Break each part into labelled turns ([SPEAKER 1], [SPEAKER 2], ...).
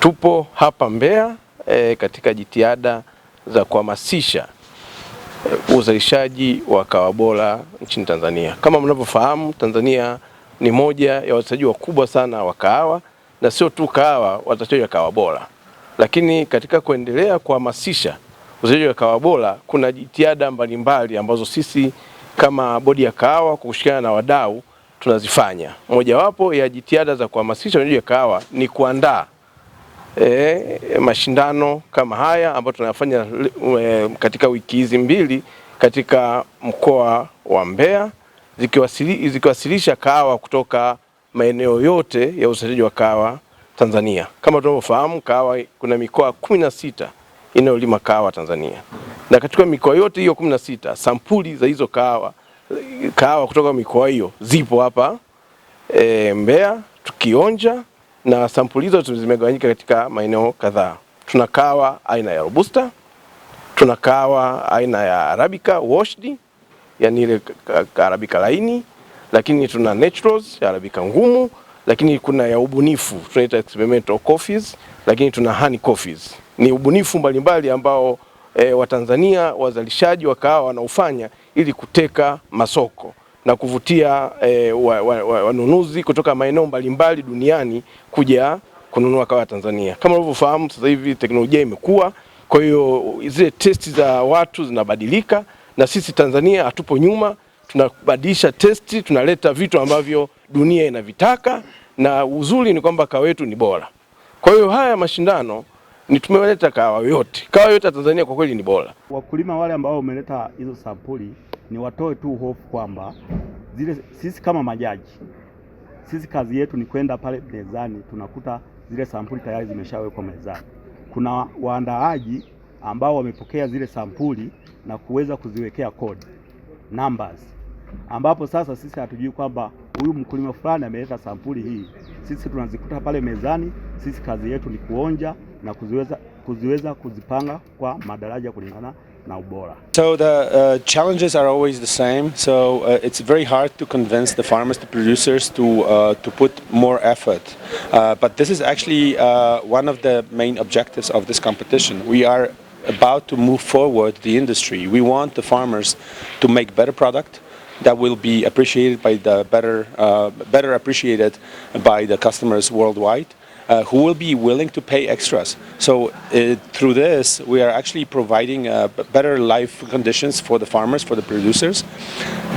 [SPEAKER 1] Tupo hapa Mbeya e, katika jitihada za kuhamasisha e, uzalishaji wa kahawa bora nchini Tanzania. Kama mnavyofahamu, Tanzania ni moja ya wazalishaji wakubwa sana wa kahawa na sio tu kahawa, watachoja wa kahawa bora. Lakini katika kuendelea kuhamasisha uzalishaji wa kahawa bora, kuna jitihada mbalimbali ambazo sisi kama bodi ya kahawa kwa kushirikiana na wadau tunazifanya. Mojawapo ya jitihada za kuhamasisha uzalishaji wa kahawa ni kuandaa e, mashindano kama haya ambayo tunayafanya e, katika wiki hizi mbili katika mkoa wa Mbeya zikiwasili, zikiwasilisha kahawa kutoka maeneo yote ya uzalishaji wa kahawa Tanzania. Kama tunavyofahamu kahawa, kuna mikoa kumi na sita inayolima kahawa Tanzania, na katika mikoa yote hiyo kumi na sita sampuli za hizo kahawa kahawa kutoka mikoa hiyo zipo hapa e, Mbeya tukionja na sampuli hizo zimegawanyika katika maeneo kadhaa. Tuna kahawa aina ya robusta, tuna kahawa aina ya arabica washed, yani ile arabica laini, lakini tuna naturals ya arabica ngumu, lakini kuna ya ubunifu tunaita experimental coffees, lakini tuna honey coffees. Ni ubunifu mbalimbali ambao e, Watanzania wazalishaji wa kahawa wanaofanya ili kuteka masoko na kuvutia e, eh, wanunuzi wa, wa, kutoka maeneo mbalimbali duniani kuja kununua kahawa Tanzania. Kama unavyofahamu sasa hivi teknolojia imekuwa, kwa hiyo zile testi za watu zinabadilika, na sisi Tanzania hatupo nyuma, tunabadilisha testi, tunaleta vitu ambavyo dunia inavitaka, na uzuri ni kwamba kahawa yetu ni bora. Kwa hiyo haya mashindano ni tumeleta kahawa yote, kahawa yote ya Tanzania kwa kweli ni bora.
[SPEAKER 2] Wakulima wale ambao wameleta hizo sampuli ni watoe tu hofu kwamba zile, sisi kama majaji, sisi kazi yetu ni kwenda pale mezani, tunakuta zile sampuli tayari zimeshawekwa mezani. Kuna waandaaji ambao wamepokea zile sampuli na kuweza kuziwekea kodi numbers, ambapo sasa sisi hatujui kwamba huyu mkulima fulani ameleta sampuli hii. Sisi tunazikuta pale mezani, sisi kazi yetu ni kuonja na kuziweza, kuziweza kuzipanga kwa madaraja kulingana na ubora.
[SPEAKER 3] So the uh, challenges are always the same. So uh, it's very hard to convince the farmers, the producers, to uh, to put more effort. Uh, but this is actually uh, one of the main objectives of this competition. We are about to move forward the industry. We want the farmers to make better product that will be appreciated by the better uh, better appreciated by the customers worldwide. uh, who will be willing to pay extras. So uh, through this, we are actually providing uh, better life conditions for the farmers, for the producers.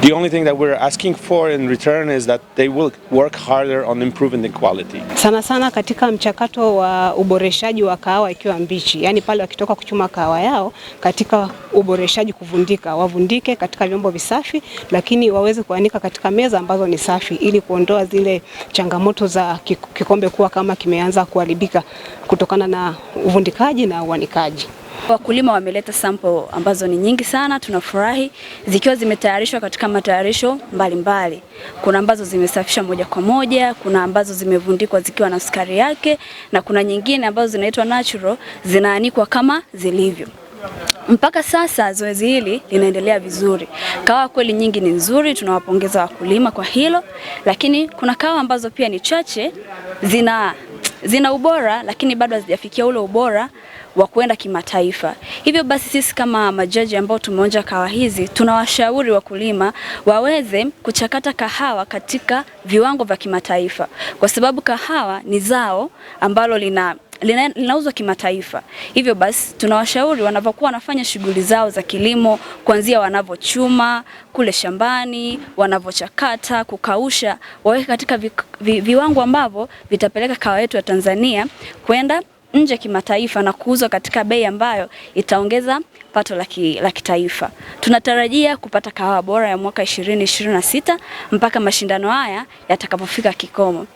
[SPEAKER 3] The only thing that we're asking for in return is that they will work harder on improving the quality.
[SPEAKER 4] Sana sana katika mchakato wa uboreshaji wa kahawa ikiwa mbichi, yani pale wakitoka kuchuma kahawa yao, katika uboreshaji kuvundika, wavundike katika vyombo visafi, lakini waweze kuanika katika meza ambazo ni safi, ili kuondoa zile changamoto za kikombe kuwa kama kimea yameanza kuharibika kutokana na uvundikaji na uanikaji.
[SPEAKER 5] Wakulima wameleta sample ambazo ni nyingi sana, tunafurahi zikiwa zimetayarishwa katika matayarisho mbalimbali. Kuna ambazo zimesafishwa moja kwa moja, kuna ambazo zimevundikwa zikiwa na sukari yake, na kuna nyingine ambazo zinaitwa natural, zinaanikwa kama zilivyo. Mpaka sasa zoezi hili linaendelea vizuri. Kahawa kweli nyingi ni nzuri, tunawapongeza wakulima kwa hilo, lakini kuna kahawa ambazo pia ni chache zina zina ubora lakini bado hazijafikia ule ubora wa kwenda kimataifa. Hivyo basi sisi kama majaji ambao tumeonja kahawa hizi tunawashauri wakulima waweze kuchakata kahawa katika viwango vya kimataifa, kwa sababu kahawa ni zao ambalo lina linauzwa kimataifa. Hivyo basi tunawashauri wanavyokuwa wanafanya shughuli zao za kilimo, kuanzia wanavyochuma kule shambani, wanavyochakata, kukausha, waweke katika vi, vi, viwango ambavyo vitapeleka kahawa yetu ya Tanzania kwenda nje kimataifa na kuuzwa katika bei ambayo itaongeza pato la kitaifa. Tunatarajia kupata kahawa bora ya mwaka 2026 mpaka mashindano haya yatakapofika kikomo.